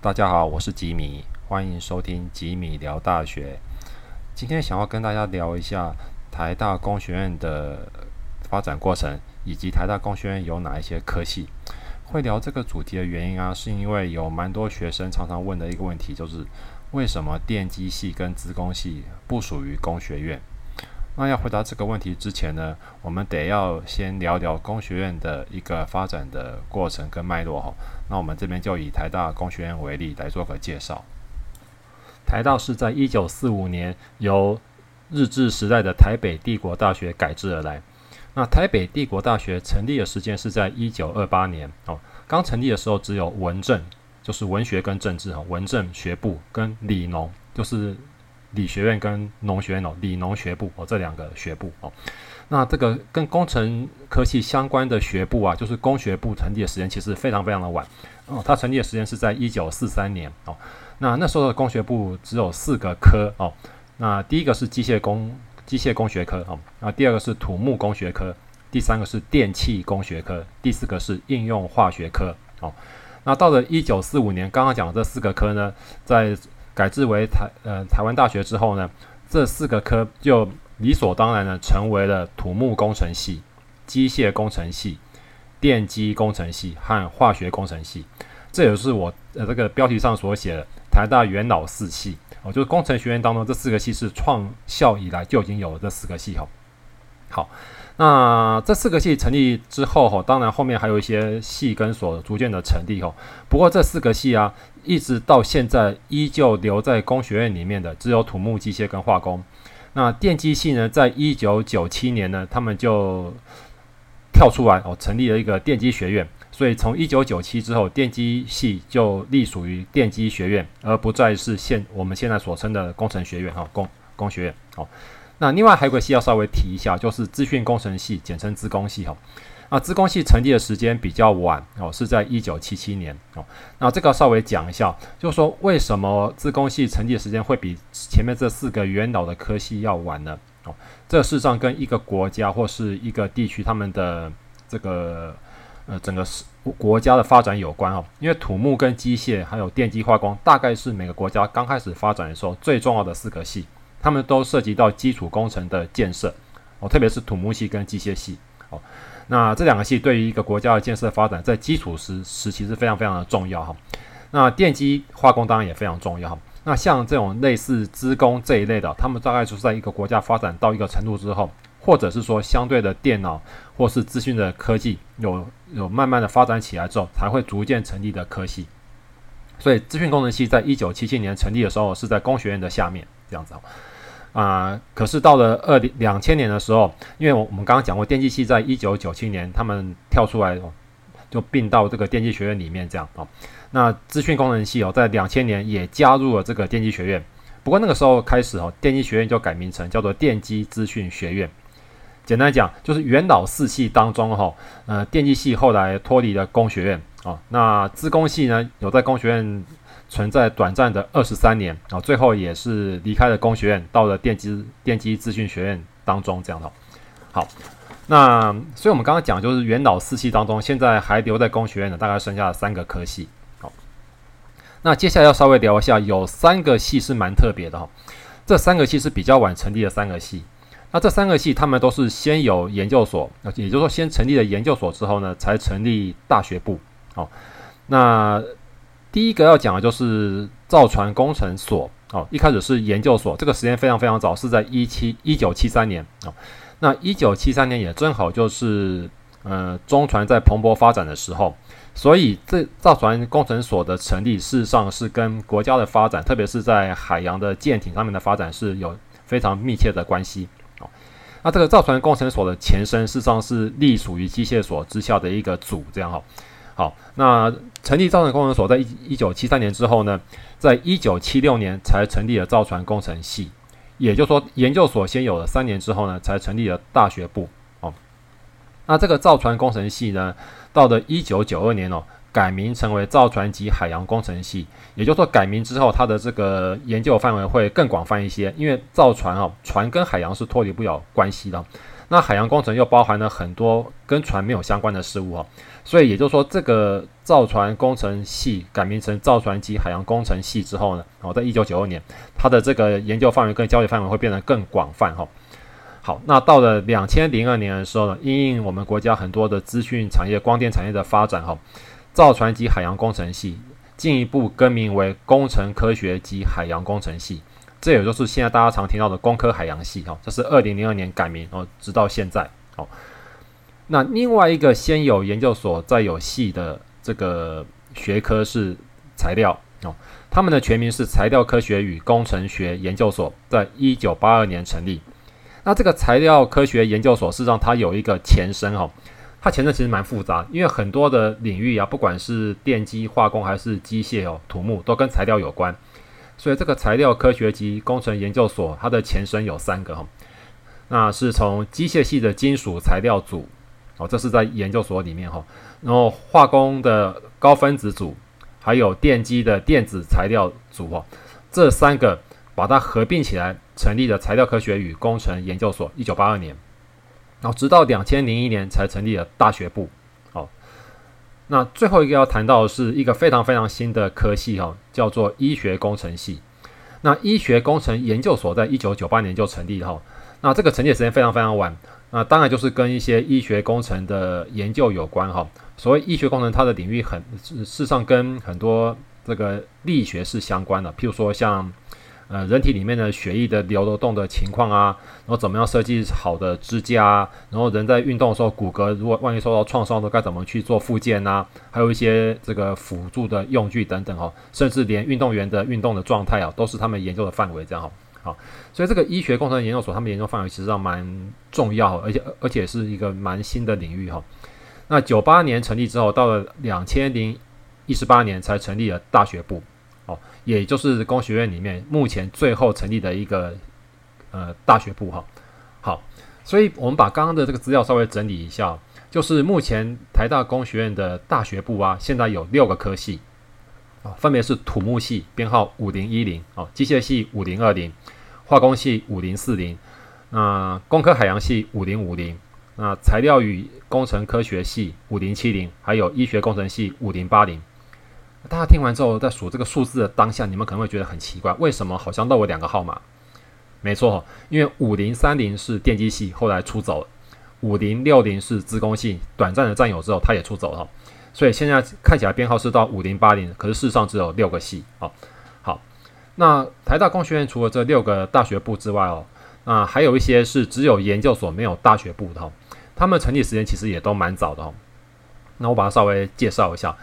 大家好，我是吉米，歡迎收聽吉米聊大學。今天想要跟大家聊一下台大工學院的發展過程，以及台大工學院有哪一些科系。會聊這個主題的原因啊，是因為有蠻多學生常常問的一個問題，就是為什麼電機系跟資工系不屬於工學院？那要回答這個問題之前呢，我們得要先聊聊工學院的一個發展的過程跟脈絡哈。那我們這邊就以台大工學院為例來做個介紹。台大是在一九四五年由日治時代的台北帝國大學改制而來。那台北帝國大學成立的時間是在一九二八年哦，剛成立的時候只有文政，就是文學跟政治哈，文政學部跟理農，就是。理學院跟農學院哦，理農學部哦，這兩個學部哦，那這個跟工程科技相關的學部啊，就是工學部成立的時間其實非常非常的晚哦，它成立的時間是在一九四三年哦，那那時候的工學部只有四個科哦，那第一個是機械工機械工學科哦，那第二個是土木工學科，第三個是電氣工學科，第四個是應用化學科哦，那到了一九四五年，剛剛講的這四個科呢，在改制為台呃台灣大學之後呢，這四個科就理所當然的成為了土木工程系、機械工程系、電機工程系和化學工程系。這也是我呃這個標題上所寫的台大元老四系哦，就是工程學院當中這四個系是創校以來就已經有了這四個系統。好，那這四個系成立之後哈，當然後面還有一些系跟所逐漸的成立哈。不過這四個系啊，一直到現在依舊留在工學院裡面的只有土木、機械跟化工。那電機系呢，在一九九七年呢，他們就跳出來哦，成立了一個電機學院。所以從一九九七之後，電機系就隸屬於電機學院，而不再是現我們現在所稱的工程學院哈，工工學院。那另外還有個系要稍微提一下，就是資訊工程系，簡稱資工系哦。啊，資工系成立的時間比較晚哦，是在一九七七年哦。那這個要稍微講一下，就是、說為什麼資工系成立的時間會比前面這四個元老的科系要晚呢？哦，這個、事實上跟一個國家或是一個地區他們的這個呃整個國家的發展有關哦。因為土木跟機械還有電機化工，大概是每個國家剛開始發展的時候最重要的四個系。他們都涉及到基礎工程的建設，哦，特別是土木系跟機械系，哦，那這兩個系對於一個國家的建設發展，在基礎時時期是非常非常的重要哈。那電機化工當然也非常重要。那像這種類似資工這一類的，他們大概就是在一個國家發展到一個程度之後，或者是說相對的電腦或是資訊的科技有有慢慢的發展起來之後，才會逐漸成立的科系。所以資訊工程系在一九七七年成立的時候，是在工學院的下面。這樣子哦，啊、呃，可是到了二零兩千年的時候，因為我我們剛剛講過電器，電機系在一九九七年他們跳出來，哦、就併到這個電機學院裡面，這樣啊、哦，那資訊工程系哦，在兩千年也加入了這個電機學院，不過那個時候開始哦，電機學院就改名成叫做電機資訊學院。簡單講，就是元老四系當中哈，呃，電機系後來脫離了工學院啊、哦，那資工系呢，有在工學院存在短暫的二十三年啊、哦，最後也是離開了工學院，到了電機電機資訊學院當中這樣的、哦。好，那所以我們剛剛講就是元老四系當中，現在還留在工學院的大概剩下三個科系。好、哦，那接下來要稍微聊一下，有三個系是蠻特別的哈、哦，這三個系是比較晚成立的三個系。那這三個系，他們都是先有研究所，也就是說先成立了研究所之後呢，才成立大學部。哦，那第一個要講的就是造船工程所。哦，一開始是研究所，這個時間非常非常早，是在一七，一九七三年哦。那一九七三年也正好就是，呃，中船在蓬勃發展的時候，所以這造船工程所的成立，事實上是跟國家的發展，特別是在海洋的艦艇上面的發展是有非常密切的關係。那這個造船工程所的前身，事實上是隸屬於機械所之下的一個組，這樣哈。好，那成立造船工程所在一一九七三年之後呢，在一九七六年才成立了造船工程系，也就是說，研究所先有了三年之後呢，才成立了大學部哦。那這個造船工程系呢，到了一九九二年哦。改名成為造船及海洋工程系，也就是說改名之後，它的這個研究範圍會更廣泛一些。因為造船哦，船跟海洋是脫離不了關係的。那海洋工程又包含了很多跟船沒有相關的事物哦，所以也就是說，這個造船工程系改名成造船及海洋工程系之後呢，然、哦、在一九九二年，它的這個研究範圍跟交易範圍會變得更廣泛哈、哦。好，那到了兩千零二年的時候呢，因應我們國家很多的資訊產業、光電產業的發展哈、哦。造船及海洋工程系進一步更名為工程科學及海洋工程系，這也就是現在大家常聽到的工科海洋系。哈，這是二零零二年改名哦，直到現在哦，那另外一個先有研究所再有系的這個學科是材料哦，他們的全名是材料科學與工程學研究所，在一九八二年成立。那這個材料科學研究所，事實上它有一個前身哦。它前身其實蠻複雜，因為很多的領域啊，不管是電機、化工還是機械哦、土木，都跟材料有關。所以這個材料科學及工程研究所，它的前身有三個哈、哦，那是從機械系的金屬材料組哦，這是在研究所裡面哈、哦，然後化工的高分子組，還有電機的電子材料組哦，這三個把它合併起來成立的材料科學與工程研究所，一九八二年。然後，直到兩千零一年才成立了大學部。哦，那最後一個要談到的是一個非常非常新的科系叫做醫學工程系。那醫學工程研究所在一九九八年就成立哈，那這個成立的時間非常非常晚。那當然就是跟一些醫學工程的研究有關哈。所謂醫學工程，它的領域很事實上跟很多這個力學是相關的，譬如說像。呃，人體裡面的血液的流動的情況啊，然後怎麼樣設計好的支架啊？然後人在運動的時候，骨骼如果萬一受到創傷，都該怎麼去做復健啊？還有一些這個輔助的用具等等哈，甚至連運動員的運動的狀態啊，都是他們研究的範圍這樣哈。好，所以這個醫學工程研究所，他們研究範圍其實上蠻重要，而且而且是一個蠻新的領域哈。那九八年成立之後，到了兩千零一十八年才成立了大學部。也就是工學院裡面目前最後成立的一個呃大學部哈、啊，好，所以我們把剛剛的這個資料稍微整理一下，就是目前台大工學院的大學部啊，現在有六個科系啊，分別是土木系編號五零一零啊，機械系五零二零，化工系五零四零，啊，工科海洋系五零五零，啊，材料與工程科學系五零七零，還有醫學工程系五零八零。大家聽完之後，在數這個數字的當下，你們可能會覺得很奇怪，為什麼好像漏了兩個號碼？沒錯，因為五零三零是電機系，後來出走了；五零六零是資工系，短暫的佔有之後，他也出走了。所以現在看起來編號是到五零八零，可是事實上只有六個系哦，好，那台大工學院除了這六個大學部之外，哦，那還有一些是只有研究所沒有大學部的哦，他們成立時間其實也都蠻早的哦，那我把它稍微介紹一下。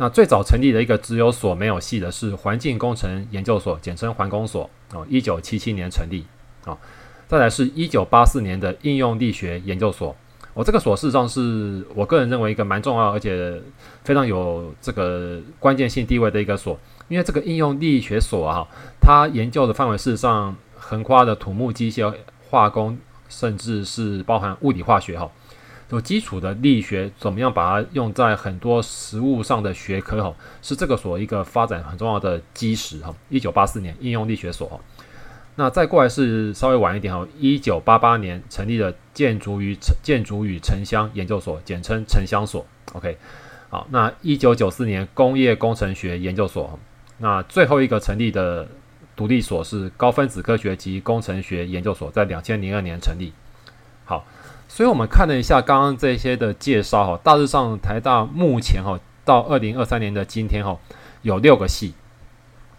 那最早成立的一個只有所沒有系的是環境工程研究所，簡稱環工所，啊、哦，一九七七年成立，啊、哦，再來是一九八四年的應用力學研究所。我、哦、這個所事實上是我個人認為一個蠻重要而且非常有這個關鍵性地位的一個所，因為這個應用力學所啊，它研究的範圍事實上橫跨的土木、機械、化工，甚至是包含物理化學，哈、哦。有基礎的力學怎麼樣把它用在很多實物上的學科哈，是這個所一個發展很重要的基石哈。一九八四年應用力學所，那再過來是稍微晚一點哈，一九八八年成立的建築與城，建築與城鄉研究所，簡稱城鄉所。OK，好，那一九九四年工業工程學研究所，那最後一個成立的獨立所是高分子科學及工程學研究所，在兩千零二年成立。好。所以我們看了一下剛剛這些的介紹哈，大致上台大目前哈到二零二三年的今天哈，有六個系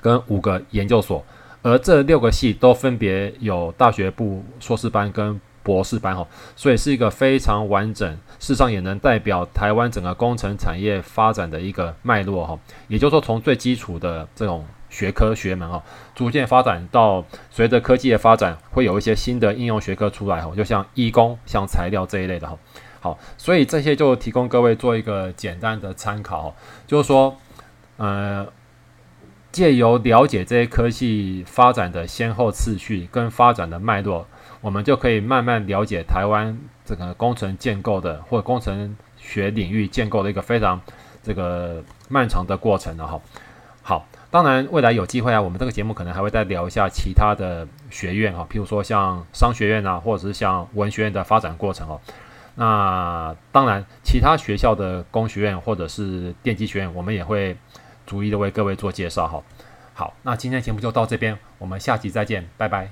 跟五個研究所，而這六個系都分別有大學部碩士班跟博士班哈，所以是一個非常完整，事實上也能代表台灣整個工程產業發展的一個脈絡哈，也就是說從最基礎的這種。學科學們哦，逐漸發展到隨着科技的發展，會有一些新的應用學科出來哦，就像醫工、像材料這一類的哈、哦。好，所以這些就提供各位做一個簡單的參考，哦，就是說，嗯、呃，借由了解這些科技發展的先後次序跟發展的脈絡，我們就可以慢慢了解台灣這個工程建構的或者工程學領域建構的一個非常這個漫長的過程了哈、哦。當然，未來有機會啊，我們這個節目可能還會再聊一下其他的學院哈、啊，譬如說像商學院啊，或者是像文學院的發展過程哦、啊。那當然，其他學校的工學院或者是電機學院，我們也會逐一的為各位做介紹哈、啊。好，那今天節目就到這邊，我們下期再見，拜拜。